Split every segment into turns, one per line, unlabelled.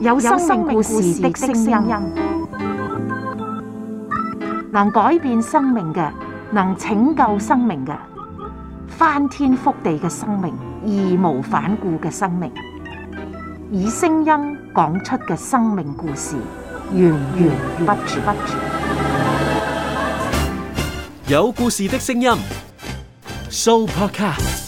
有生命故事的聲音，能改變生命嘅，能拯救生命嘅，翻天覆地嘅生命，義無反顧嘅生命，以聲音講出嘅生命故事，源源不絕。有故事的聲音，Soupercast。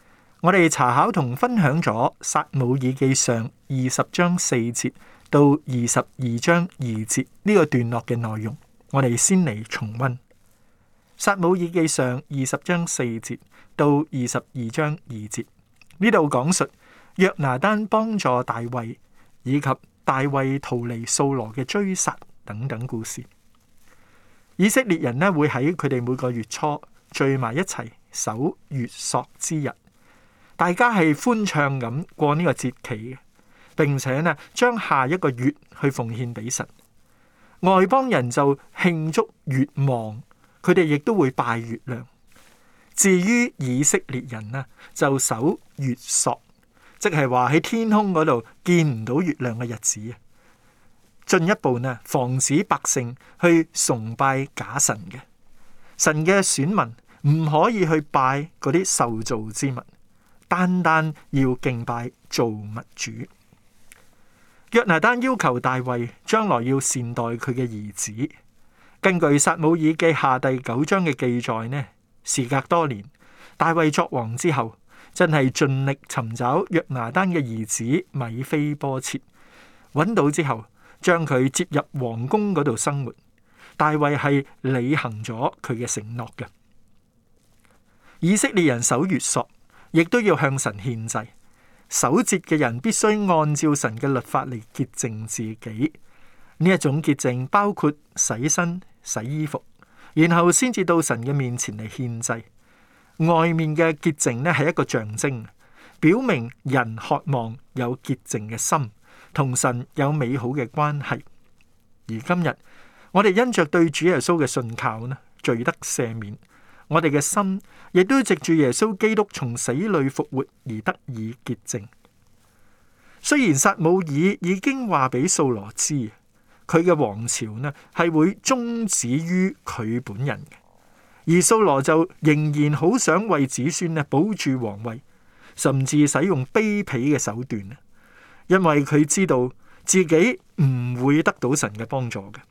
我哋查考同分享咗《撒母耳記上》二十章四節到二十二章二節呢、這個段落嘅內容。我哋先嚟重溫《撒母耳記上》二十章四節到二十二章二節，呢度講述約拿單幫助大衛，以及大衛逃離掃羅嘅追殺等等故事。以色列人呢，會喺佢哋每個月初聚埋一齊守月朔之日。大家係歡暢咁過呢個節期嘅，並且呢將下一個月去奉獻俾神。外邦人就慶祝月望，佢哋亦都會拜月亮。至於以色列人呢，就守月朔，即係話喺天空嗰度見唔到月亮嘅日子。進一步呢，防止百姓去崇拜假神嘅。神嘅選民唔可以去拜嗰啲受造之物。單單要敬拜造物主。約拿單要求大衛將來要善待佢嘅兒子。根據撒母耳記下第九章嘅記載呢，時隔多年，大衛作王之後，真係盡力尋找約拿單嘅兒子米非波切，揾到之後將佢接入皇宮嗰度生活。大衛係履行咗佢嘅承諾嘅。以色列人守約瑟。亦都要向神獻祭，守節嘅人必須按照神嘅律法嚟潔淨自己。呢一種潔淨包括洗身、洗衣服，然後先至到神嘅面前嚟獻祭。外面嘅潔淨呢係一個象徵，表明人渴望有潔淨嘅心，同神有美好嘅關係。而今日我哋因着對主耶穌嘅信靠呢，罪得赦免。我哋嘅心亦都藉住耶穌基督從死裏復活而得以潔淨。雖然撒母耳已經話俾掃羅知，佢嘅王朝呢係會終止於佢本人嘅，而掃羅就仍然好想為子孫呢保住皇位，甚至使用卑鄙嘅手段，因為佢知道自己唔會得到神嘅幫助嘅。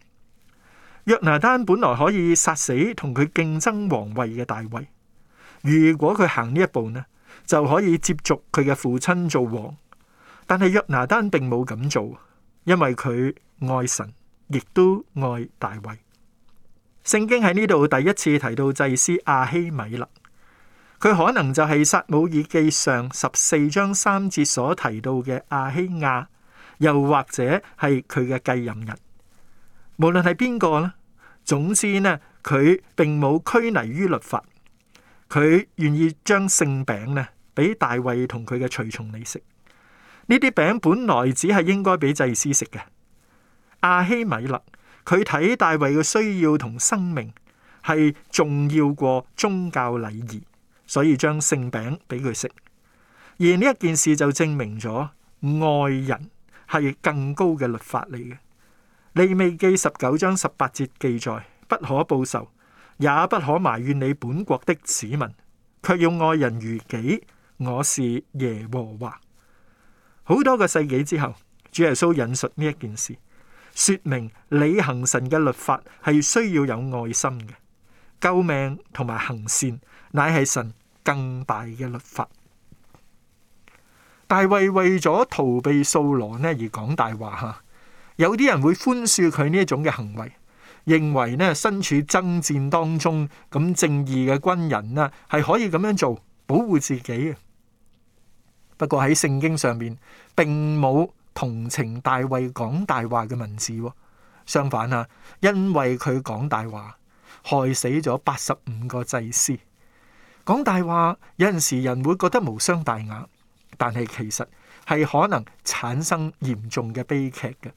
約拿單本來可以殺死同佢競爭皇位嘅大衛，如果佢行呢一步呢，就可以接續佢嘅父親做王。但係約拿單並冇咁做，因為佢愛神，亦都愛大衛。聖經喺呢度第一次提到祭司亞希米勒，佢可能就係撒母耳記上十四章三節所提到嘅亞希亞，又或者係佢嘅繼任人。無論係邊個咧，總之呢，佢並冇拘泥於律法，佢願意將聖餅咧俾大衛同佢嘅隨從你食。呢啲餅本來只係應該俾祭司食嘅。阿希米勒佢睇大衛嘅需要同生命係重要過宗教禮儀，所以將聖餅俾佢食。而呢一件事就證明咗愛人係更高嘅律法嚟嘅。利未記十九章十八節記載：不可報仇，也不可埋怨你本國的子民，卻要愛人如己。我是耶和華。好多個世紀之後，主耶穌引述呢一件事，說明履行神嘅律法係需要有愛心嘅，救命同埋行善乃係神更大嘅律法。大衛為咗逃避掃羅呢而講大話吓。有啲人會寬恕佢呢一種嘅行為，認為呢，身處爭戰當中咁正義嘅軍人呢，係可以咁樣做保護自己嘅。不過喺聖經上面，並冇同情大衛講大話嘅文字哦。相反啊，因為佢講大話，害死咗八十五個祭司。講大話有陣時人會覺得無傷大雅，但係其實係可能產生嚴重嘅悲劇嘅。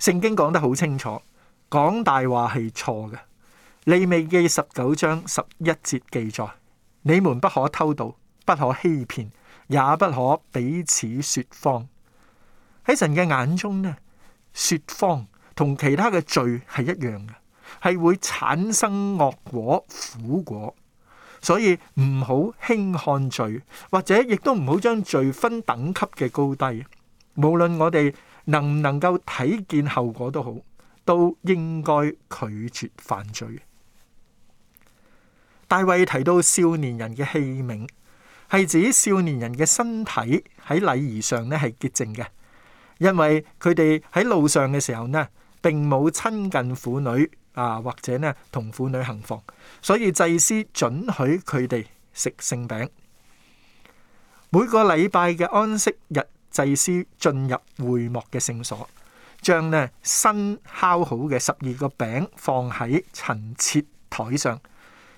聖經講得好清楚，講大話係錯嘅。利未記十九章十一節記載：你們不可偷盜，不可欺騙，也不可彼此說謊。喺神嘅眼中呢，說謊同其他嘅罪係一樣嘅，係會產生惡果苦果。所以唔好輕看罪，或者亦都唔好將罪分等級嘅高低。無論我哋。能唔能夠睇見後果都好，都應該拒絕犯罪。大衛提到少年人嘅器皿，係指少年人嘅身體喺禮儀上呢係潔淨嘅，因為佢哋喺路上嘅時候呢，並冇親近婦女啊，或者呢同婦女行房，所以祭司准許佢哋食聖餅。每個禮拜嘅安息日，祭司進入會幕嘅聖所，將呢新烤好嘅十二個餅放喺陳設檯上，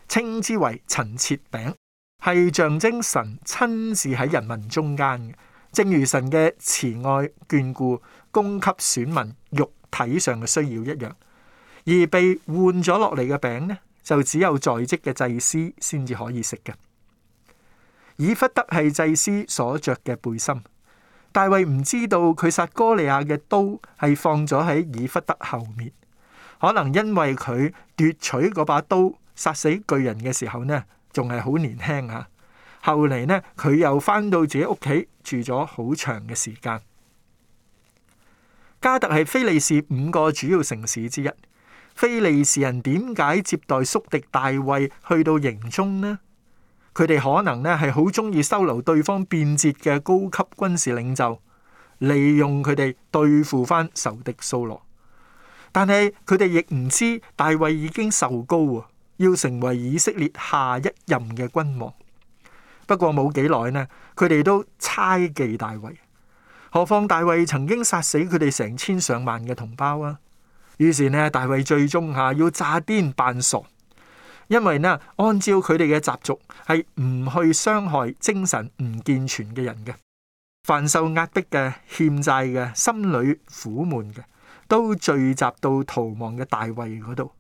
稱之為陳設餅，係象徵神親自喺人民中間嘅，正如神嘅慈愛眷顧，供給選民肉體上嘅需要一樣。而被換咗落嚟嘅餅呢，就只有在職嘅祭司先至可以食嘅。以弗得係祭司所着嘅背心。大衛唔知道佢殺哥利亞嘅刀係放咗喺以弗得後面，可能因為佢奪取嗰把刀殺死巨人嘅時候呢，仲係好年輕吓啊。後嚟呢，佢又翻到自己屋企住咗好長嘅時間。加特係非利士五個主要城市之一。非利士人點解接待宿敵大衛去到營中呢？佢哋可能咧係好中意收留對方便捷嘅高級軍事領袖，利用佢哋對付返仇敵掃羅。但係佢哋亦唔知大衛已經受膏啊，要成為以色列下一任嘅君王。不過冇幾耐呢，佢哋都猜忌大衛。何況大衛曾經殺死佢哋成千上萬嘅同胞啊！於是呢，大衛最終下要詐癲扮傻。因為呢，按照佢哋嘅習俗，係唔去傷害精神唔健全嘅人嘅，凡受壓迫嘅、欠債嘅、心裏苦悶嘅，都聚集到逃亡嘅大衛嗰度。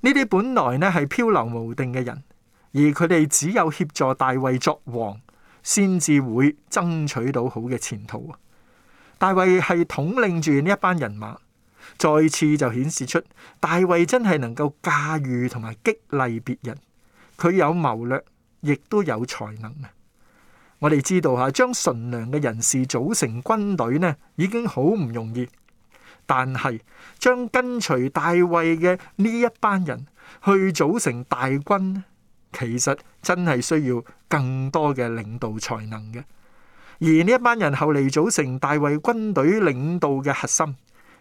呢啲本來呢係漂流無定嘅人，而佢哋只有協助大衛作王，先至會爭取到好嘅前途啊！大衛係統領住呢一班人馬。再次就顯示出大衛真係能夠駕馭同埋激勵別人，佢有謀略，亦都有才能啊！我哋知道吓，將純良嘅人士組成軍隊呢，已經好唔容易，但係將跟隨大衛嘅呢一班人去組成大軍，其實真係需要更多嘅領導才能嘅。而呢一班人後嚟組成大衛軍隊領導嘅核心。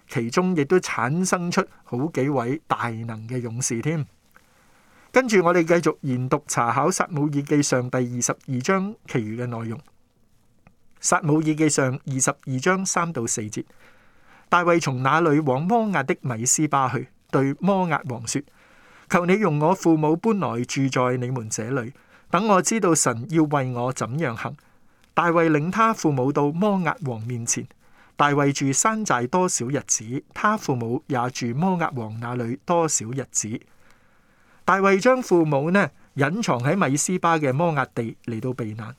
其中亦都產生出好幾位大能嘅勇士添。跟住我哋繼續研讀查考撒母耳記上第二十二章其餘嘅內容。撒母耳記上二十二章三到四節，大衛從那裏往摩押的米斯巴去，對摩押王說：求你用我父母搬來住在你們這裏，等我知道神要為我怎樣行。大衛領他父母到摩押王面前。大衛住山寨多少日子？他父母也住摩押王那裏多少日子？大衛將父母呢隱藏喺米斯巴嘅摩押地嚟到避難，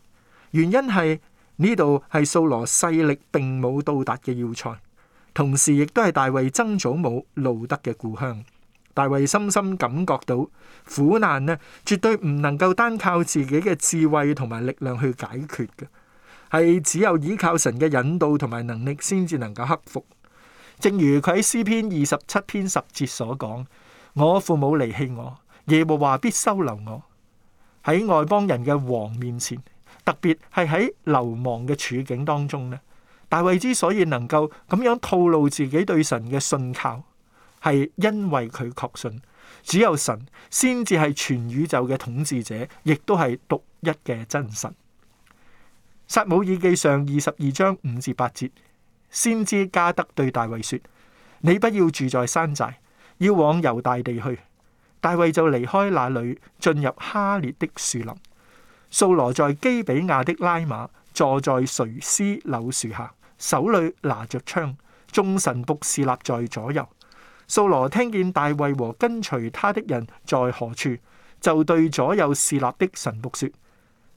原因係呢度係掃羅勢力並冇到達嘅要塞，同時亦都係大衛曾祖母路得嘅故鄉。大衛深深感覺到苦難呢，絕對唔能夠單靠自己嘅智慧同埋力量去解決嘅。係只有依靠神嘅引導同埋能力，先至能夠克服。正如佢喺詩篇二十七篇十節所講：「我父母離棄我，耶和華必收留我。」喺外邦人嘅王面前，特別係喺流亡嘅處境當中咧，大衛之所以能夠咁樣透露自己對神嘅信靠，係因為佢確信，只有神先至係全宇宙嘅統治者，亦都係獨一嘅真神。撒母耳記上二十二章五至八節，先知加德對大衛說：你不要住在山寨，要往猶大地去。大衛就離開那裏，進入哈列的樹林。掃羅在基比亞的拉馬坐在垂絲柳樹下，手裏拿着槍，眾神僕侍立在左右。掃羅聽見大衛和跟隨他的人在何處，就對左右侍立的神僕說：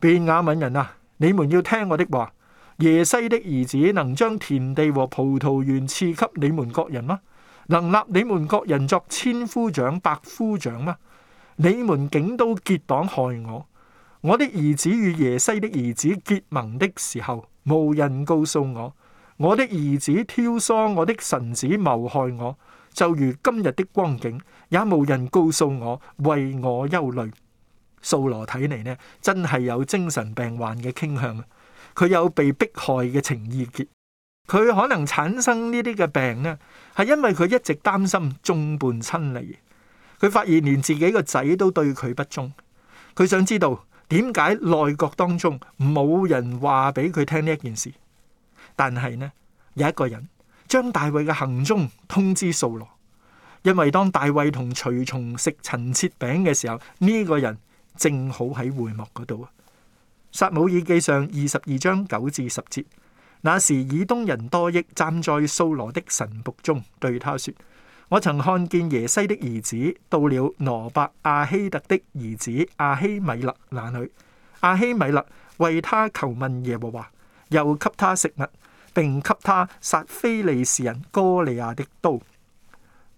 便雅憫人啊！你們要聽我的話，耶西的兒子能將田地和葡萄園賜給你們各人嗎？能立你們各人作千夫長、百夫長嗎？你們竟都結黨害我！我的兒子與耶西的兒子結盟的時候，無人告訴我；我的兒子挑唆我的臣子謀害我，就如今日的光景，也無人告訴我，為我憂慮。掃羅睇嚟呢，真係有精神病患嘅傾向啊！佢有被迫害嘅情意結，佢可能產生呢啲嘅病呢，係因為佢一直擔心眾叛親離。佢發現連自己個仔都對佢不忠，佢想知道點解內閣當中冇人話俾佢聽呢一件事。但係呢，有一個人將大衛嘅行蹤通知掃羅，因為當大衛同隨從食陳設餅嘅時候，呢、這個人。正好喺會幕嗰度啊，《撒母耳記上》二十二章九至十節，那時以東人多益站在掃羅的神僕中，對他說，我曾看見耶西的兒子到了挪伯阿希特的兒子阿希米勒那裏，阿希米勒為他求問耶和華，又給他食物，並給他殺非利士人哥利亞的刀。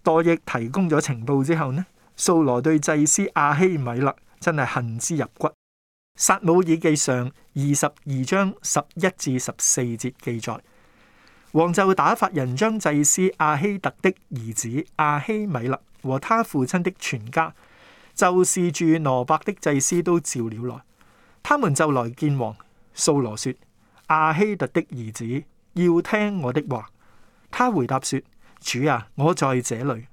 多益提供咗情報之後呢，掃羅對祭司阿希米勒。真係恨之入骨。撒母耳記上二十二章十一至十四節記載，王就打發人將祭司阿希特的兒子阿希米勒和他父親的全家，就是住羅伯的祭司，都召了來。他們就來見王，掃羅說：阿希特的兒子要聽我的話。他回答說：主啊，我在這裏。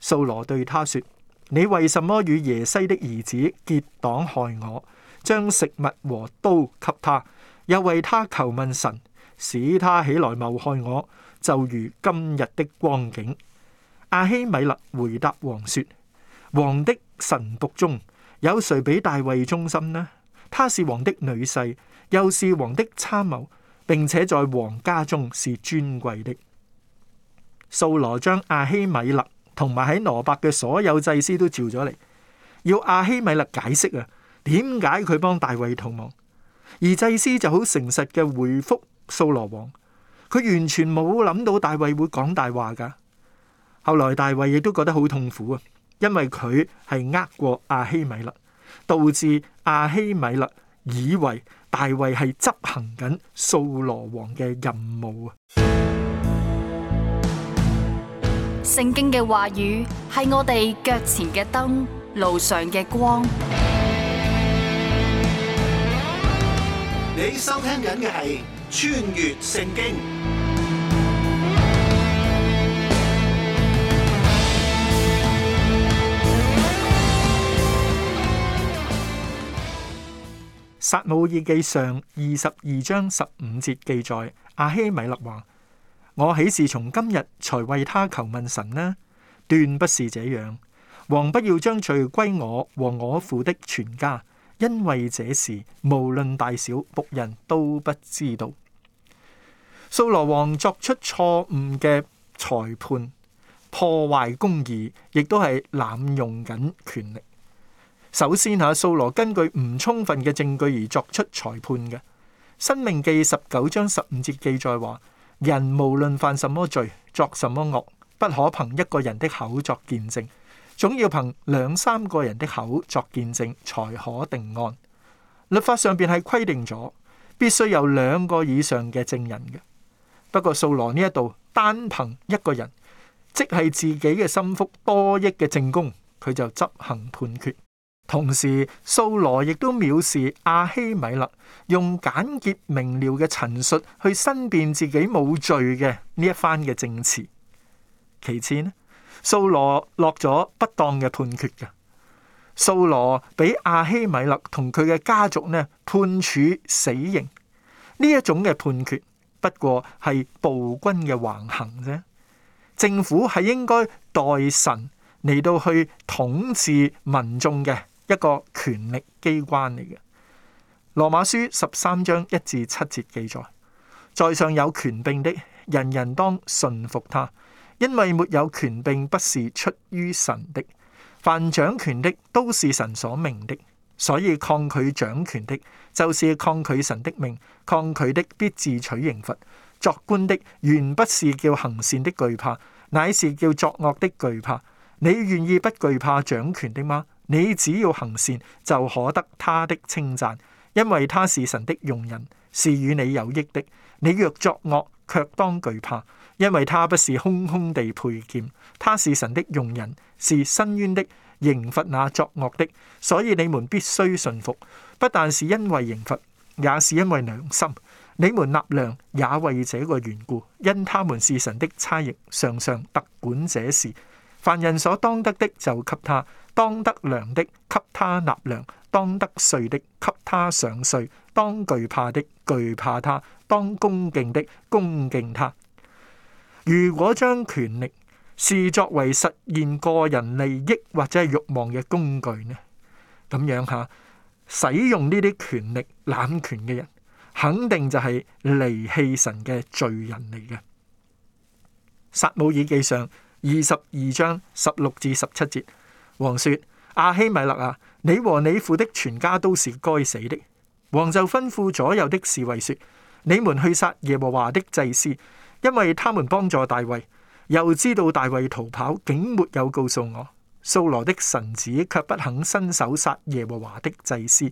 掃羅對他說。你為什麼與耶西的兒子結黨害我？將食物和刀給他，又為他求問神，使他起來謀害我，就如今日的光景。亞希米勒回答王說：王的臣僕中有誰比大衛忠心呢？他是王的女婿，又是王的參謀，並且在王家中是尊貴的。掃羅將亞希米勒。同埋喺羅伯嘅所有祭司都召咗嚟，要亞希米勒解釋啊，點解佢幫大衛逃亡？而祭司就好誠實嘅回覆掃羅王，佢完全冇諗到大衛會講大話㗎。後來大衛亦都覺得好痛苦啊，因為佢係呃過亞希米勒，導致亞希米勒以為大衛係執行緊掃羅王嘅任務啊。聖經嘅話語係我哋腳前嘅燈，路上嘅光。你收聽緊嘅係《穿越聖經》。撒母耳記上二十二章十五節記載，亞希米勒話。我豈是從今日才為他求問神呢？斷不是這樣。王不要將罪歸我和我父的全家，因為這事無論大小，僕人都不知道。掃羅王作出錯誤嘅裁判，破壞公義，亦都係濫用緊權力。首先吓，掃羅根據唔充分嘅證據而作出裁判嘅。申命記十九章十五節記載話。人無論犯什麼罪，作什麼惡，不可憑一個人的口作見證，總要憑兩三個人的口作見證，才可定案。律法上邊係規定咗，必須有兩個以上嘅證人嘅。不過素羅呢一度單憑一個人，即係自己嘅心腹多益嘅證供，佢就執行判決。同時，蘇羅亦都藐視阿希米勒，用簡潔明了嘅陳述去申辯自己冇罪嘅呢一番嘅證詞。其次呢，蘇羅落咗不當嘅判決嘅，蘇羅俾阿希米勒同佢嘅家族呢判處死刑。呢一種嘅判決不過係暴君嘅橫行啫。政府係應該代神嚟到去統治民眾嘅。一個權力機關嚟嘅《羅馬書》十三章一至七節記載，在上有權柄的，人人當順服他，因為沒有權柄不是出於神的。凡掌權的都是神所命的，所以抗拒掌權的，就是抗拒神的命。抗拒的必自取刑罰。作官的原不是叫行善的懼怕，乃是叫作惡的懼怕。你願意不懼怕掌權的嗎？你只要行善，就可得他的稱讚，因為他是神的用人，是與你有益的。你若作惡，卻當懼怕，因為他不是空空地佩劍，他是神的用人，是伸冤的刑罰那作惡的。所以你們必須順服，不但是因為刑罰，也是因為良心。你們納糧也為這個緣故，因他們是神的差役，常常特管這事。凡人所當得的，就給他。當得糧的，給他納糧；當得稅的，給他上稅；當懼怕的，懼怕他；當恭敬的，恭敬他。如果將權力視作為實現個人利益或者欲望嘅工具呢？咁樣吓，使用呢啲權力攬權嘅人，肯定就係離棄神嘅罪人嚟嘅。撒母耳記上二十二章十六至十七節。王說：阿希米勒啊，你和你父的全家都是該死的。王就吩咐左右的侍衛說：你們去殺耶和華的祭司，因為他們幫助大衛，又知道大衛逃跑，竟沒有告訴我。掃羅的臣子卻不肯伸手殺耶和華的祭司。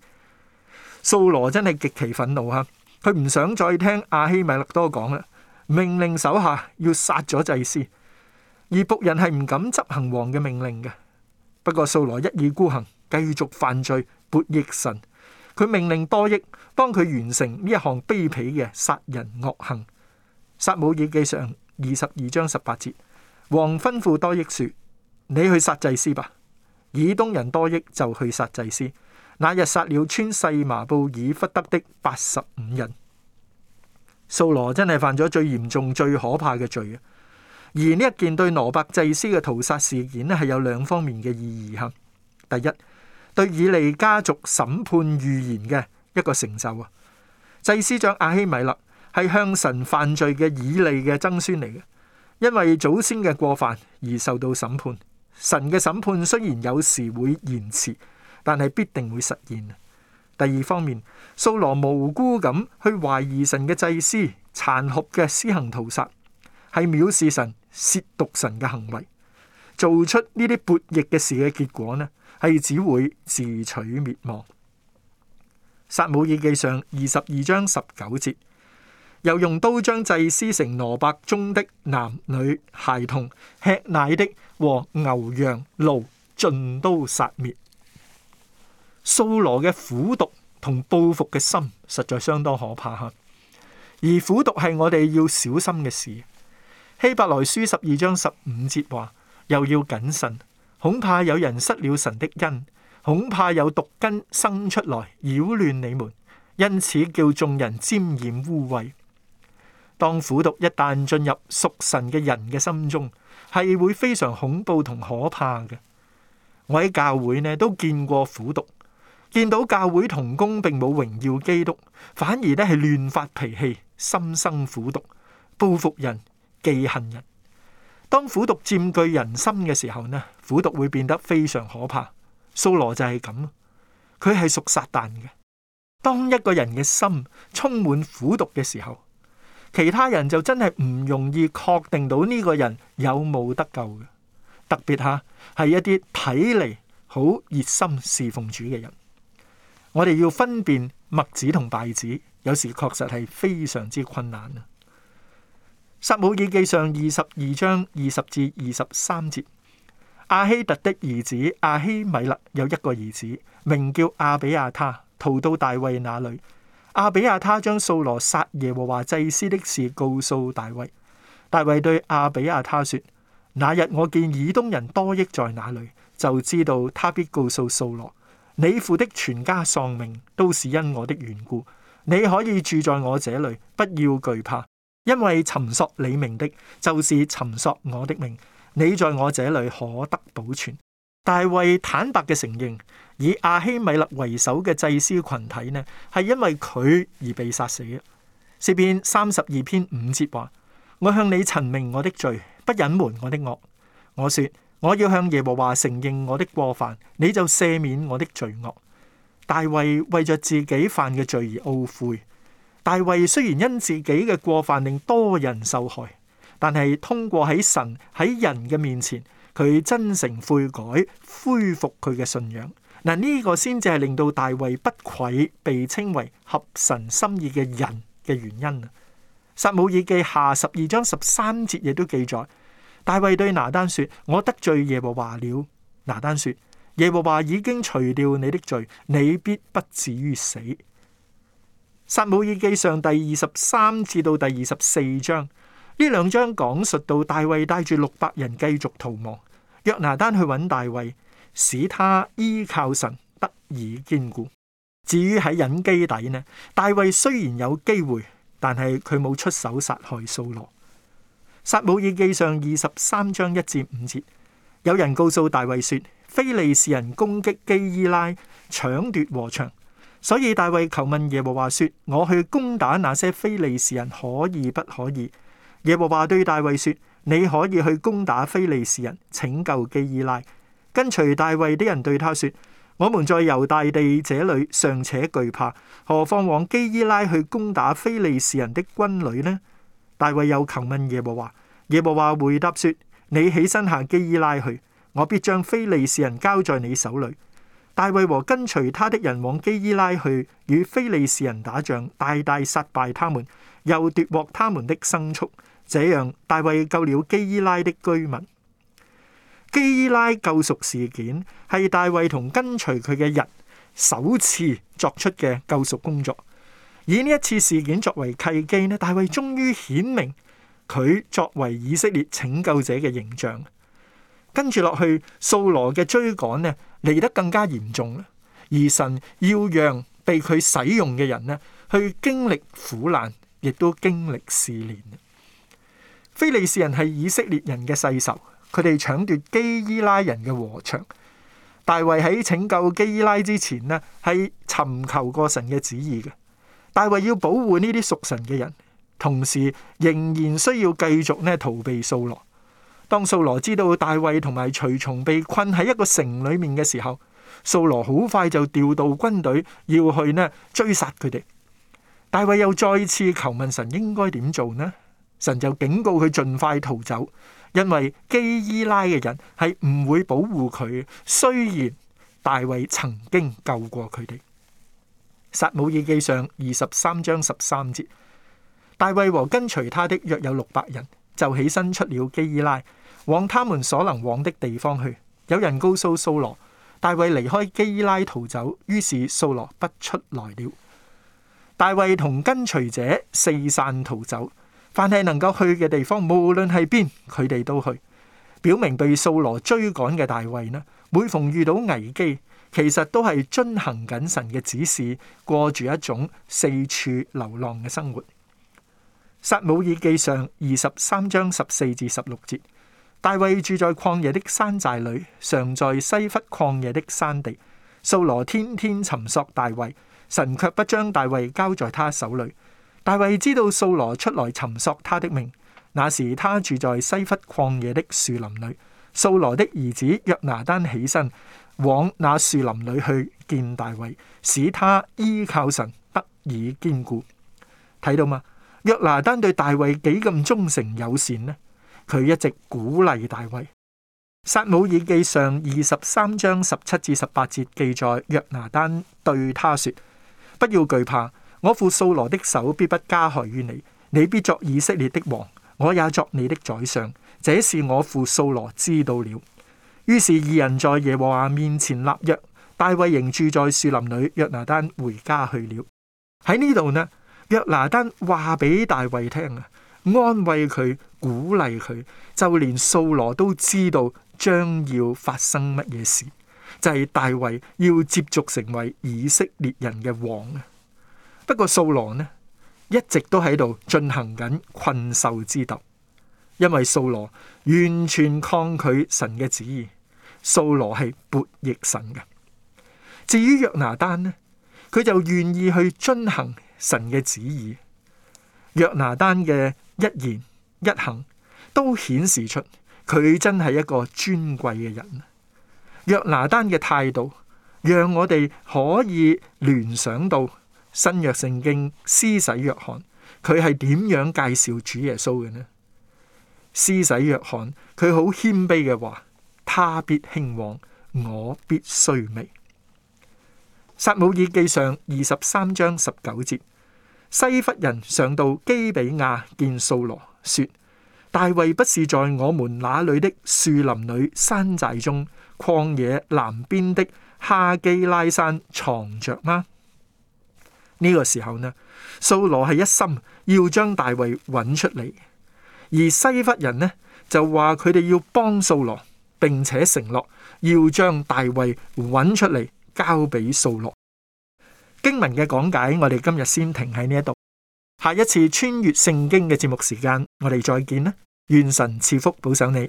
掃羅真係極其憤怒，吓佢唔想再聽阿希米勒多講啦，命令手下要殺咗祭司，而僕人係唔敢執行王嘅命令嘅。不過掃羅一意孤行，繼續犯罪。悖逆神，佢命令多益幫佢完成呢一項卑鄙嘅殺人惡行。撒母耳記上二十二章十八節，王吩咐多益說：你去殺祭司吧。以東人多益就去殺祭司，那日殺了穿細麻布以弗得的八十五人。掃羅真係犯咗最嚴重、最可怕嘅罪啊！而呢一件對羅伯祭司嘅屠殺事件咧，係有兩方面嘅意義吓。第一，對以利家族審判預言嘅一個成就啊！祭司長亞希米勒係向神犯罪嘅以利嘅曾孫嚟嘅，因為祖先嘅過犯而受到審判。神嘅審判雖然有時會延遲，但係必定會實現。第二方面，掃羅無辜咁去懷疑神嘅祭司，殘酷嘅施行屠殺。係藐視神、褻瀆神嘅行為，做出呢啲悖逆嘅事嘅結果呢，係只會自取滅亡。撒母耳記上二十二章十九節，又用刀將祭司城挪伯中的男女孩童、吃奶的和牛羊驢，盡都殺滅。掃羅嘅苦毒同報復嘅心實在相當可怕吓，而苦毒係我哋要小心嘅事。希伯來書十二章十五節話，又要謹慎，恐怕有人失了神的恩，恐怕有毒根生出來擾亂你們，因此叫眾人沾染污穢。當苦毒一旦進入屬神嘅人嘅心中，係會非常恐怖同可怕嘅。我喺教會呢都見過苦毒，見到教會同工並冇榮耀基督，反而咧係亂發脾氣，心生苦毒，報復人，記恨人，當苦毒佔據人心嘅時候呢，苦毒會變得非常可怕。蘇羅就係咁，佢係屬撒旦嘅。當一個人嘅心充滿苦毒嘅時候，其他人就真係唔容易確定到呢個人有冇得救嘅。特別吓係一啲睇嚟好熱心侍奉主嘅人，我哋要分辨麥子同稗子，有時確實係非常之困難。撒母耳記上二十二章二十至二十三節，亞希突的兒子亞希米勒有一個兒子，名叫亞比亞他，逃到大衛那裏。亞比亞他將掃羅殺耶和華祭司的事告訴大衛。大衛對亞比亞他說：那日我見以東人多益在那裏，就知道他必告訴掃羅，你父的全家喪命都是因我的緣故。你可以住在我這裏，不要懼怕。因為尋索你命的，就是尋索我的命。你在我這裏可得保存。大衛坦白嘅承認，以阿希米勒為首嘅祭司群體呢，係因為佢而被殺死嘅。詩篇三十二篇五節話：我向你陳明我的罪，不隱瞞我的惡。我說，我要向耶和華承認我的過犯，你就赦免我的罪惡。大衛為着自己犯嘅罪而懊悔。大衛雖然因自己嘅過犯令多人受害，但係通過喺神、喺人嘅面前，佢真誠悔改，恢復佢嘅信仰。嗱，呢個先至係令到大衛不愧被稱為合神心意嘅人嘅原因啊！撒母耳記下十二章十三節亦都記載，大衛對拿單說：我得罪耶和華了。拿單說：耶和華已經除掉你的罪，你必不至於死。撒母耳記上第二十三至到第二十四章，呢兩章講述到大衛帶住六百人繼續逃亡，約拿單去揾大衛，使他依靠神得以堅固。至於喺隱基底呢，大衛雖然有機會，但係佢冇出手殺害掃羅。撒母耳記上二十三章一至五節，有人告訴大衛說，非利士人攻擊基伊拉，搶奪禾場。所以大衛求問耶和華說：我去攻打那些非利士人可以不可以？耶和華對大衛說：你可以去攻打非利士人，拯救基伊拉。跟隨大衛的人對他說：我們在猶大地這裏尚且懼怕，何況往基伊拉去攻打非利士人的軍旅呢？大衛又求問耶和華，耶和華回答說：你起身下基伊拉去，我必將非利士人交在你手裏。大衛和跟隨他的人往基伊拉去，與非利士人打仗，大大殺敗他們，又奪獲他們的牲畜。這樣，大衛救了基伊拉的居民。基伊拉救贖事件係大衛同跟隨佢嘅人首次作出嘅救贖工作。以呢一次事件作為契機咧，大衛終於顯明佢作為以色列拯救者嘅形象。跟住落去，掃羅嘅追趕呢，嚟得更加嚴重啦。而神要讓被佢使用嘅人呢，去經歷苦難，亦都經歷試煉。菲利士人係以色列人嘅世仇，佢哋搶奪基伊拉人嘅禾場。大衛喺拯救基伊拉之前呢，係尋求過神嘅旨意嘅。大衛要保護呢啲屬神嘅人，同時仍然需要繼續呢逃避掃羅。當掃羅知道大衛同埋隨從被困喺一個城裏面嘅時候，掃羅好快就調到軍隊，要去呢追殺佢哋。大衛又再次求問神應該點做呢？神就警告佢盡快逃走，因為基伊拉嘅人係唔會保護佢。雖然大衛曾經救過佢哋，《撒母耳記上》二十三章十三節，大衛和跟隨他的約有六百人。就起身出了基伊拉，往他們所能往的地方去。有人告訴掃羅，大衛離開基伊拉逃走，於是掃羅不出來了。大衛同跟隨者四散逃走，凡係能夠去嘅地方，無論係邊，佢哋都去。表明被掃羅追趕嘅大衛呢，每逢遇到危機，其實都係遵行緊神嘅指示，過住一種四處流浪嘅生活。撒母耳記上二十三章十四至十六節，大衛住在曠野的山寨裏，常在西弗曠野的山地。掃羅天天尋索大衛，神卻不將大衛交在他手裏。大衛知道掃羅出來尋索他的命，那時他住在西弗曠野的樹林裏。掃羅的兒子約拿單起身往那樹林裏去見大衛，使他依靠神得以堅固。睇到嗎？若拿單對大衛幾咁忠誠友善呢？佢一直鼓勵大衛。撒母耳記上二十三章十七至十八節記載，約拿單對他說：不要懼怕，我父掃羅的手必不加害於你，你必作以色列的王，我也作你的宰相。這是我父掃羅知道了。於是二人在耶和華面前立約。大衛仍住在樹林裏，約拿單回家去了。喺呢度呢？約拿單話俾大衛聽啊，安慰佢，鼓勵佢，就連掃羅都知道將要發生乜嘢事，就係、是、大衛要接續成為以色列人嘅王啊。不過，掃羅呢，一直都喺度進行緊困獸之鬥，因為掃羅完全抗拒神嘅旨意，掃羅係悖逆神嘅。至於約拿單，呢，佢就願意去遵行。神嘅旨意，約拿單嘅一言一行都顯示出佢真係一個尊貴嘅人。約拿單嘅態度，讓我哋可以聯想到新約聖經施洗約翰，佢係點樣介紹主耶穌嘅呢？施洗約翰佢好謙卑嘅話，他必興旺，我必衰微。撒母耳記上二十三章十九節：西弗人上到基比亞見掃羅，說：大衛不是在我們那裏的樹林裏、山寨中、曠野南邊的哈基拉山藏着嗎？呢、這個時候呢，掃羅係一心要將大衛揾出嚟，而西弗人呢就話佢哋要幫掃羅，並且承諾要將大衛揾出嚟。交俾掃落經文嘅講解，我哋今日先停喺呢一度。下一次穿越聖經嘅節目時間，我哋再見啦！願神賜福，保守你。